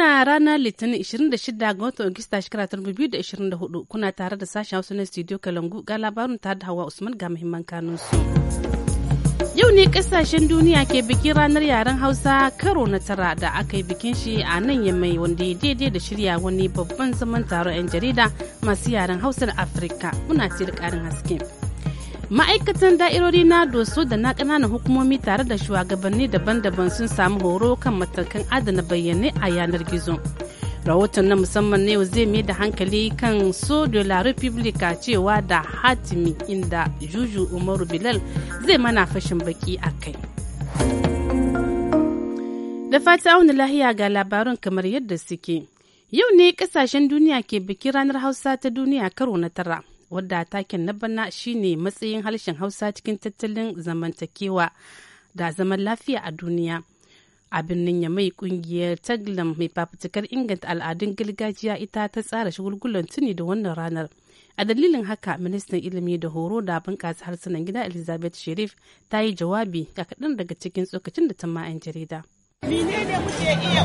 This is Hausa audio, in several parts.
Kuna ranar Litinin 26 ga watan Agusta shekara 2024 kuna tare da sashen Hausa na Studio Kalangu ga labarin tare da Hawa Usman ga muhimman su. Yau ne kasashen duniya ke bikin ranar yaren Hausa karo na tara da aka yi bikin shi a nan yamai wanda ya daidai da shirya wani babban zaman taron 'yan jarida masu yaren Hausa da Afirka. Muna ce da ƙarin haske. ma'aikatan da'irori na doso da na ƙananan hukumomi tare da shugabanni daban-daban sun samu horo kan matakan adana bayyane a yanar gizo rahoton na musamman na yau zai mai da hankali kan so de la republica cewa da hatimi inda juju umaru bilal zai mana fashin baki a kai da fata auna lahiya ga labarun kamar yadda suke yau ne kasashen duniya ke bikin ranar hausa ta duniya karo na tara wadda taken na bana shine matsayin harshen hausa cikin tattalin zamantakewa da zaman lafiya a duniya a birnin yamai kungiyar taglam mai fafutukar inganta al'adun gargajiya ita ta tsara shagulgulan tuni da wannan ranar a dalilin haka ministan ilimi da horo da bunƙasa harsunan gida elizabeth sherif ta yi jawabi ga kaɗan daga cikin tsokacin da ta ma'an jarida ne muke iya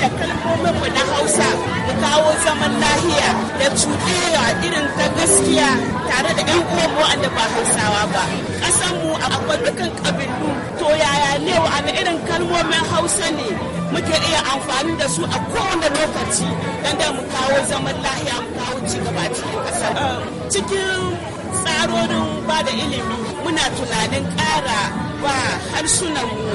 da kalmomin mu na hausa kawo zaman lahiya da cuɗewa irin ta gaskiya tare da 'yan uwan waɗanda ba hausawa ba ƙasanmu akwai dukkan ƙabilu to yaya ne wa'anda irin kalmomin hausa ne muke iya amfani da su a kowane lokaci don da mu kawo zaman lahiya mu kawo cigaba cikin ƙasar cikin tsarorin ba da ilimi muna tunanin ƙara ba harsunan mu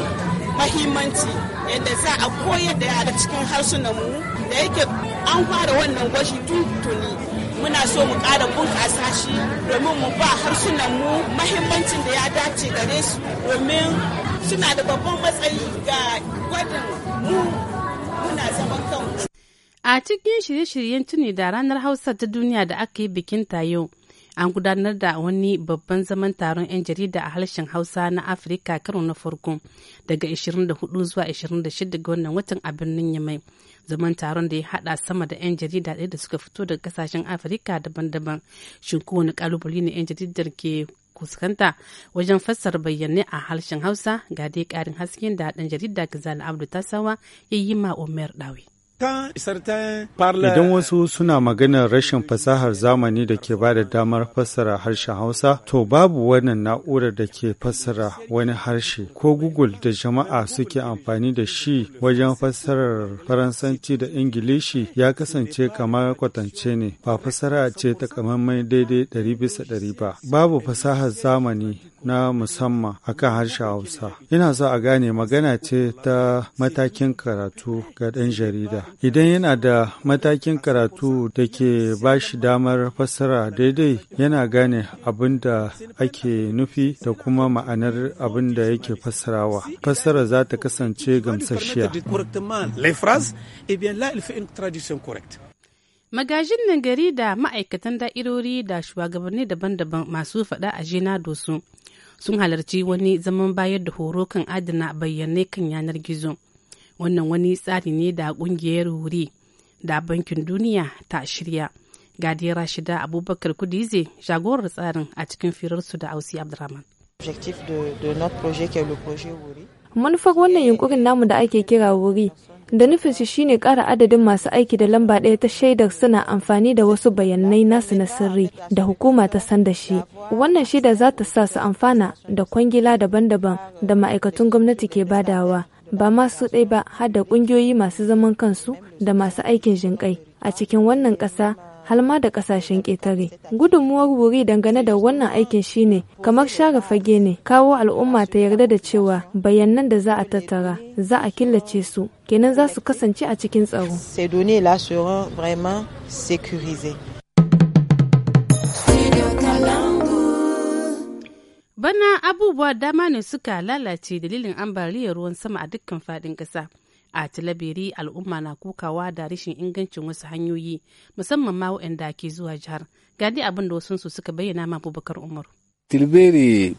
mahimmanci yadda za a koyar da yara cikin harsunan mu. da yake an fara wannan gwashi tuntuni muna so mu ƙara bunƙasa shi domin mu ba harsunan mu mahimmancin da ya dace gare su domin suna da babban matsayi ga gwadin mu muna zaman kanku. A cikin shirye-shiryen tuni da ranar Hausa ta duniya da aka yi bikin ta yau, an gudanar da wani babban zaman taron 'yan jarida a harshen hausa na afirka karo na farko daga 24 zuwa 26 ga wannan watan a birnin yamai zaman taron da ya hada sama da 'yan jarida ɗaya da suka fito daga kasashen afirka daban-daban shin kowane kalubale ne 'yan jaridar ke kuskanta wajen fassara bayyane a harshen hausa ga dai karin hasken da ɗan jarida gazal abdu tasawa ya yi ma umar dawi Idan wasu suna maganar rashin fasahar zamani da ke bada damar fassara harshen Hausa, to babu wannan na'urar da ke fassara wani harshe ko Google da jama'a suke amfani da shi wajen fassarar Faransanci da Ingilishi ya kasance kamar kwatance ne, ba fassara ce takamaimai daidai ɗari bisa ɗari ba. Babu fasahar zamani na musamman akan harshen Hausa. Ina so a gane magana ce ta matakin karatu ga ɗan jarida. idan yana da matakin karatu da ke ba shi damar fassara daidai yana gane abin da ake nufi da kuma ma'anar abin da yake fassarawa fassara za ta kasance gamsasshiya eh magajin nan gari da ma'aikatan da'irori da shugabanni daban-daban masu faɗa a jina dosu sun halarci wani zaman bayar da horo kan adana bayanai kan yanar gizo wannan wani tsari ne da kungiyar wuri da bankin duniya ta shirya gadi rashida abubakar kudize jagorar tsarin a cikin firarsu da ausi abdurrahman manufar wannan yunkurin namu da ake kira wuri da nufin shine kara adadin masu aiki da lamba ɗaya ta shaidar suna amfani da wasu bayanai nasu na sirri da hukuma ta san da shi wannan shaida za ta sa su amfana da kwangila daban-daban da ma'aikatun gwamnati ke badawa ba masu ɗai ba har da ƙungiyoyi masu zaman kansu da masu aikin jinƙai a cikin wannan ƙasa halma da ƙasashen ƙetare. Gudunmuwar wuri dangane da wannan aikin shine kamar share fage ne kawo al'umma ta yarda da cewa bayanan da za a tattara za a killace su kenan za su kasance a cikin tsaro. Bana abubuwa dama ne suka lalace dalilin ambaliyar ruwan sama a dukkan fadin ƙasa. A talabiri al'umma na kukawa da rashin ingancin wasu hanyoyi musamman ma waɗanda ke zuwa jihar. Gadi abin da wasu suka bayyana ma Abubakar Umar. tilberi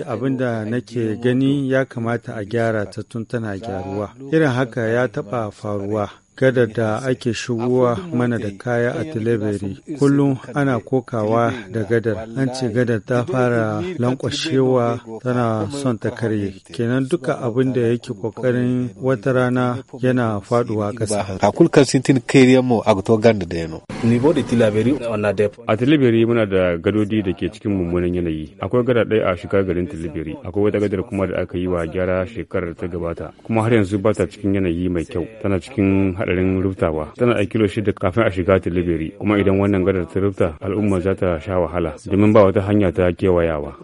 da abinda nake gani ya kamata a gyara ta tun tana gyaruwa irin haka ya taɓa faruwa gada da ake shigowa mana da kaya a tilaberi kullum ana kokawa da gadar an ce gadar ta fara lankwashewa tana son ta karye kenan duka abin da yake kokarin wata rana yana faduwa ƙasa a tilaberi muna da gadodi da ke cikin mummunan yanayi akwai gada ɗaya a shigar garin tilibiri akwai wata gadar kuma da aka yi wa gyara shekarar ta gabata kuma har yanzu ba ta cikin yanayi mai kyau tana cikin haɗa hadarin rubtawa tana a kilo shida kafin a shiga tilibiri kuma idan wannan gadar ta rubta al'umma za ta sha wahala domin ba wata hanya ta kewayawa.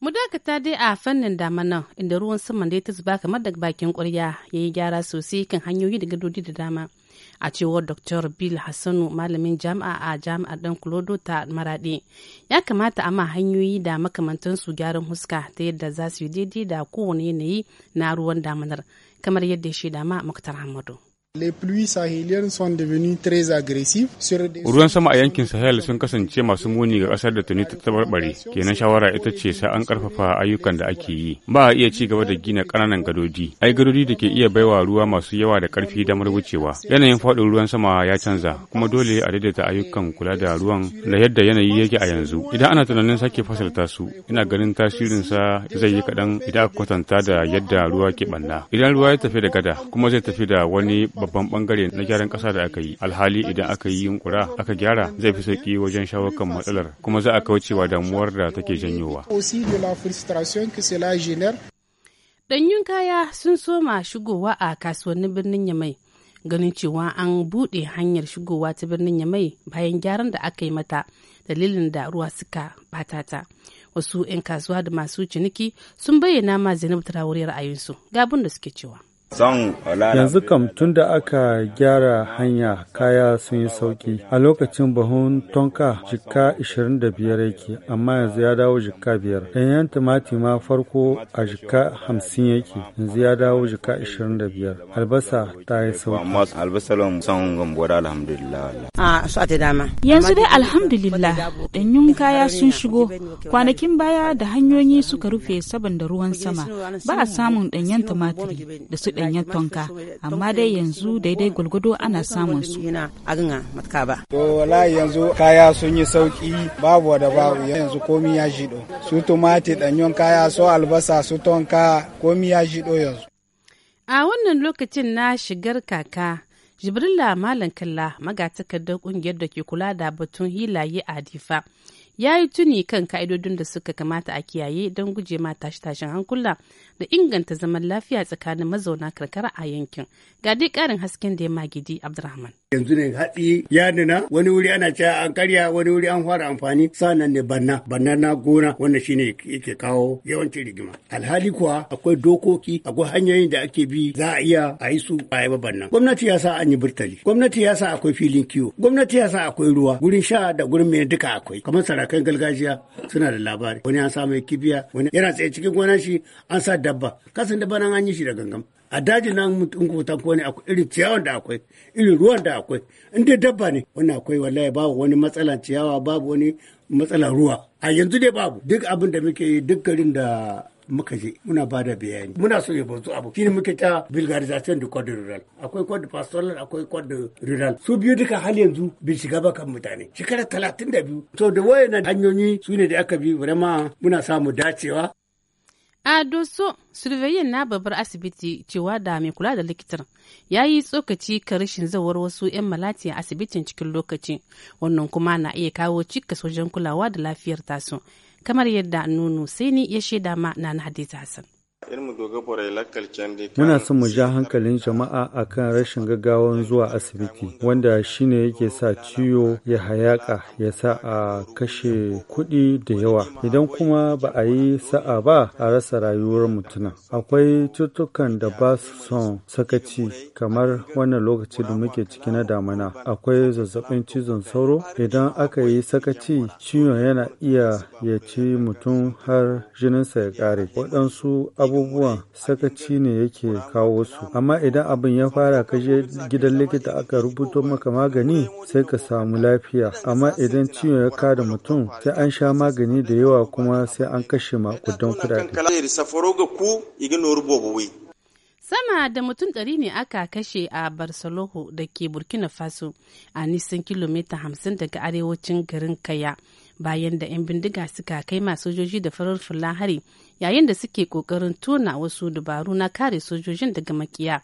Mu dakata dai a fannin damanan inda ruwan saman da ta zuba kamar daga bakin ƙwarya ya yi gyara sosai kan hanyoyi da gadodi da dama. A cewar Dr. Bill Hassanu malamin jami'a a jami'ar Dan Kulodo ta Maraɗe, ya kamata a ma hanyoyi da makamantansu gyaran huska ta yadda za su yi daidai da kowane yanayi na ruwan damanar. kamar yadda ya shaida ma Muktar Hamadu. Ruwan sama a yankin Sahel sun kasance masu muni ga ƙasar da tuni ta tabarbare, kenan shawara ita ce sai an karfafa ayyukan da ake yi. Ba a iya ci gaba da gina ƙananan gadoji, ai gadoji da ke iya baiwa ruwa masu yawa da ƙarfi damar wucewa. Yanayin faɗin ruwan sama ya canza, kuma dole a daidaita ayyukan kula da ruwan da yadda yanayi yake a yanzu. Idan ana tunanin sake fasalta su, ina ganin tasirin sa zai yi kaɗan idan aka kwatanta da yadda ruwa ke ɓanna. Idan ruwa ya tafi da gada, kuma zai tafi da wani babban bangare na gyaran kasa da aka yi alhali idan aka yi yunkura aka gyara zai fi sauki wajen shawo kan matsalar kuma za a kaucewa damuwar da take janyowa Ɗanyun kaya sun soma shigowa a kasuwannin birnin Yamai. ganin cewa an buɗe hanyar shigowa ta birnin yamai bayan gyaran da aka yi mata dalilin da ruwa suka batata wasu 'yan kasuwa da masu ciniki sun bayyana ma zainab traore ra'ayinsu gabun da suke cewa Yanzu kam tun da aka gyara hanya kaya sun yi sauki. A lokacin bahun tonka jika 25 yake, amma yanzu ya dawo jika biyar. Ɗanyen tumati ma farko a jika 50 yake, yanzu ya dawo jika 25. Albasa ta yi sauki. Yanzu dai alhamdulillah ɗanyun kaya sun shigo. Kwanakin baya da hanyoyi suka rufe saboda ruwan sama, ba a samun ɗanyen tumatiri da su ɗanyen tonka amma dai yanzu daidai gwalgwado ana samun su. To wallahi yanzu kaya sun yi sauki babu da babu yanzu komi ya jido su tumati ɗanyen kaya su albasa su tonka komi ya jido yanzu. A wannan lokacin na shigar kaka Jibrila Malam Kalla magatakardar kungiyar da ke kula da batun hilaye a Difa ya yi tuni kan ka'idodin da suka kamata a kiyaye don guje ma tashi-tashin hankula da inganta zaman lafiya tsakanin mazauna karkara a yankin ga dai karin hasken da ya magidi abdurrahman yanzu ne hatsi ya nuna wani wuri ana cewa an karya wani wuri an fara amfani sanan ne banna banna na gona wanda shine yake kawo yawancin rigima alhali kuwa akwai dokoki akwai hanyoyin da ake bi za a iya a yi su a yi banna gwamnati ya sa an yi burtali gwamnati ya sa akwai filin kiwo gwamnati ya sa akwai ruwa gurin sha da gurin mai duka akwai kamar kan gargajiya suna da labari wani an sa mai kibiya wani yana tsaye cikin gona shi an sa dabba kasan dabba nan an yi shi da gangan a daji nan mutum kuta ta kone akwai irin ciyawan da akwai irin ruwan da akwai in dai dabba ne wani akwai wallahi babu wani matsalan ciyawa babu wani matsalan ruwa a yanzu dai babu duk abin da muke yi duk garin da muka je muna ba da bayani muna so ya bazu abu shine muke ta vulgarization da code rural akwai code pastoral akwai code rural su biyu duka hal yanzu bin shiga ba kan mutane shekara talatin da biyu to da wayannan hanyoyi su ne da aka bi vraiment muna samu dacewa a doso surveyin na babbar asibiti cewa da mai kula da likitar ya yi tsokaci ka rashin zawar wasu 'yan malati a asibitin cikin lokaci wannan kuma na iya kawo cikas wajen kulawa da lafiyar tasu kamar yadda nunu ni ya shaida ma na hadiza hassan Muna son mu ja hankalin jama'a a kan rashin gaggawan zuwa asibiti wanda shi ne yake sa ciwo ya hayaka ya sa a kashe kuɗi da yawa. Idan kuma ba a yi sa'a ba a rasa rayuwar mutuna. Akwai cutukan da ba su son sakaci kamar wannan lokaci da muke ciki na damana. Akwai zazzabin cizon sauro idan aka yi sakaci ciwon yana iya ya ci mutum har jininsa ya ƙare. Waɗansu abubuwan sakaci ne yake kawo su amma idan abin ya fara ka je gidan likita aka rubuto maka magani sai ka samu lafiya amma idan ciwon ya kada mutum sai an sha magani da yawa kuma sai an kashe makudan kudade sama da mutum ɗari ne aka kashe a barcelona da ke burkina faso a nisan kilomita 50 daga arewacin garin kaya bayan da 'yan bindiga suka kai masu sojoji da farar fulahari yayin da suke kokarin tona wasu dabaru na kare sojojin daga makiya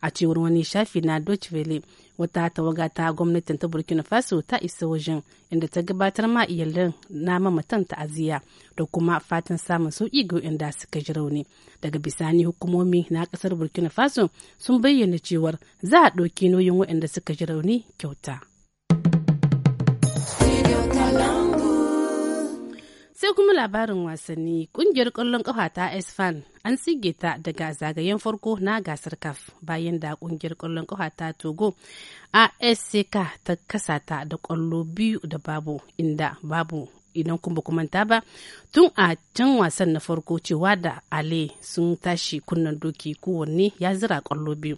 a cewar wani shafi na Deutsche Welle wata tawaga ta gwamnatin ta Burkina Faso ta isa wajen inda ta gabatar ma iyalan na mamatan ta'aziyya da kuma fatan samun sauki ga inda suka ji rauni daga bisani hukumomi na kasar Burkina Faso sun bayyana cewar za a ɗauki nauyin waɗanda suka ji rauni kyauta. Sai kuma labarin wasanni kungiyar ƙwallon ƙafa ta Esfan an tsige ta daga zagayen farko na gasar CAF bayan da kungiyar ƙwallon ƙafa ta Togo ASCK ta kasa ta da ƙwallo biyu da babu inda babu idan kuma kumanta ba tun a can wasan na farko cewa da ale sun tashi kunnan doki kowanne ya zira kwallo biyu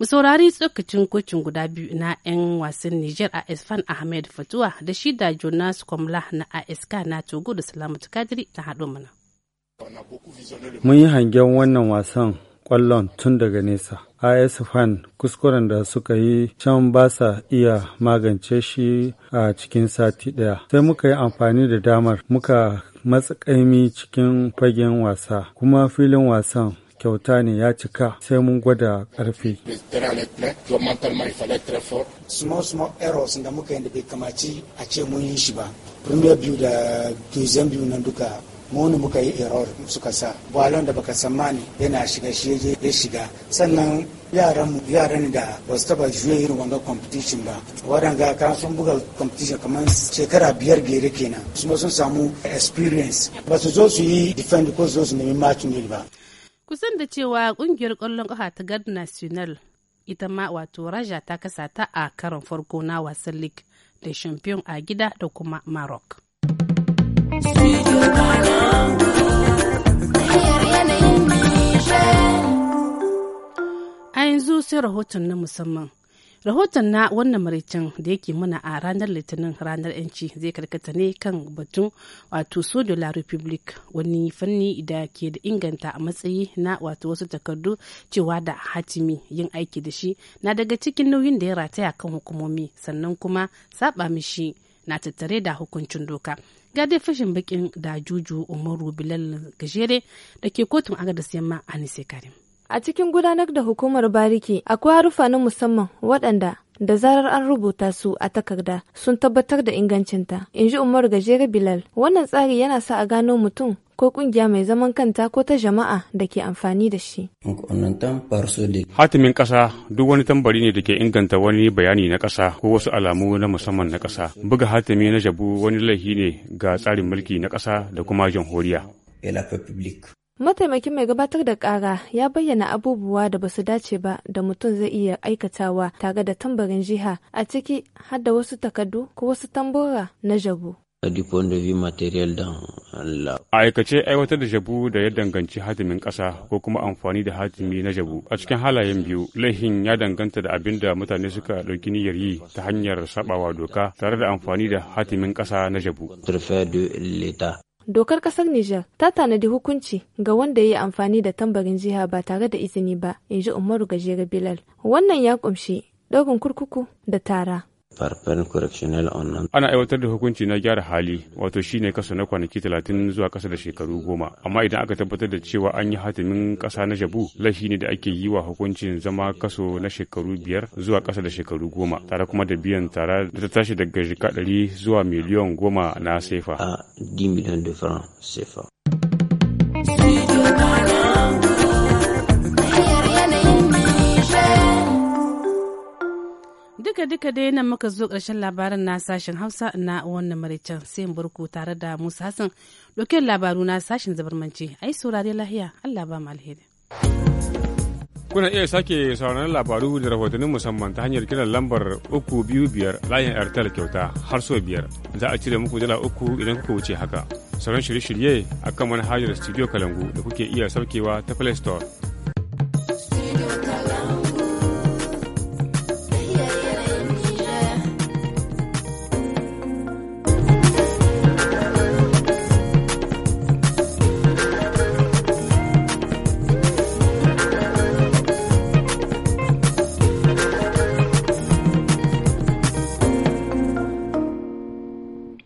Mu saurari tsokacin kocin guda biyu na 'yan wasan Nijar a Esfan Ahmed Fatuwa da shi da Jonas Kwamla na ASK na Togo da Salamatu Kadiri ta haɗo mana. Mun yi hangen wannan wasan kwallon tun daga nesa. AS Fan kuskuren da suka yi can ba sa iya magance shi a cikin sati ɗaya. Sai muka yi amfani da damar muka matsakaimi cikin fagen wasa kuma filin wasan kyauta ne ya cika sai mun gwada karfi small small errors da muka yi da bai kamaci a ce mun yi shi ba premier biyu da gizan biyu nan duka mu muka yi error suka sa balon da baka tsammani yana shiga shi ya shiga sannan yaran yaran da ba su taba juya irin wanga competition ba waɗanda kan sun buga competition kamar shekara biyar gere kenan kuma sun samu experience ba su zo su yi defend ko su zo su nemi match ba kusan da cewa kungiyar kwallon kafa ta gard national ita ma wato raja ta kasa ta a karon farko na wasan league da champion a gida da kuma maroc a yanzu sai rahoton na musamman rahoton na wannan maraicin da yake muna a ranar litinin ranar yanci zai karkata ne kan batun wato sojo la republic wani fanni da ke da inganta a matsayi na wato wasu takardu cewa da hatimi yin aiki da shi na daga cikin nauyin da ya rataya kan hukumomi sannan kuma saba mishi na tattare da hukuncin doka ga dai fashin bakin da juju umaru bilal gajere da ke kotun agadas yamma anise karim A cikin gudanar da hukumar bariki akwai harufa na musamman waɗanda da zarar an rubuta su a takarda sun tabbatar da ingancinta, in ji Umar Gajere Bilal. Wannan tsari yana sa a gano mutum ko kungiya mai zaman kanta ko ta jama'a da ke amfani da shi. Hatimin ƙasa duk wani tambari ne da ke inganta wani bayani na ƙasa ko wasu alamu na musamman na ƙasa. Buga hatimi na jabu wani laifi ne ga tsarin mulki na ƙasa da kuma jamhuriya. Mataimakin mai gabatar da kara ya bayyana abubuwa da basu dace ba da mutum zai iya aikatawa tare da tambarin jiha a ciki har wasu takardu ko wasu tambura na jabu. aikace aiwatar da jabu da ya danganci hatimin ƙasa ko kuma amfani da hatimi na jabu. A cikin halayen biyu, laihin ya danganta da abin da mutane suka ɗauki niyyar yi ta hanyar sabawa doka tare da amfani da hatimin ƙasa na jabu. dokar kasar Nijar ta tanadi hukunci ga wanda ya yi amfani da tambarin jiha ba tare da izini ba, in ji Umaru Gajere Bilal. Wannan ya kumshi ɗaurin kurkuku da tara. Ana aiwatar da hukunci na gyara hali wato shine kaso na kwanaki talatin zuwa kasa da shekaru goma amma idan aka tabbatar da cewa an yi hatimin kasa na jabu laifi ne da ake yi wa hukuncin zama kaso na shekaru biyar zuwa kasa da shekaru goma tare kuma da biyan tara da ta tashi daga jika ɗari zuwa miliyan goma na sefa. duka duka dai nan muka zo ƙarshen labaran na sashen hausa na wannan maraicen sai in burku tare da musa hassan ɗauke labaru na sashen zabarmanci ai saurare lahiya allah ba mu alheri kuna iya sake sauran labaru da rahotannin musamman ta hanyar kiran lambar uku biyu 325 layin airtel kyauta har so biyar za a cire muku dala uku idan kuka wuce haka sauran shirye-shirye a kan manhajar studio kalangu da kuke iya saukewa ta play store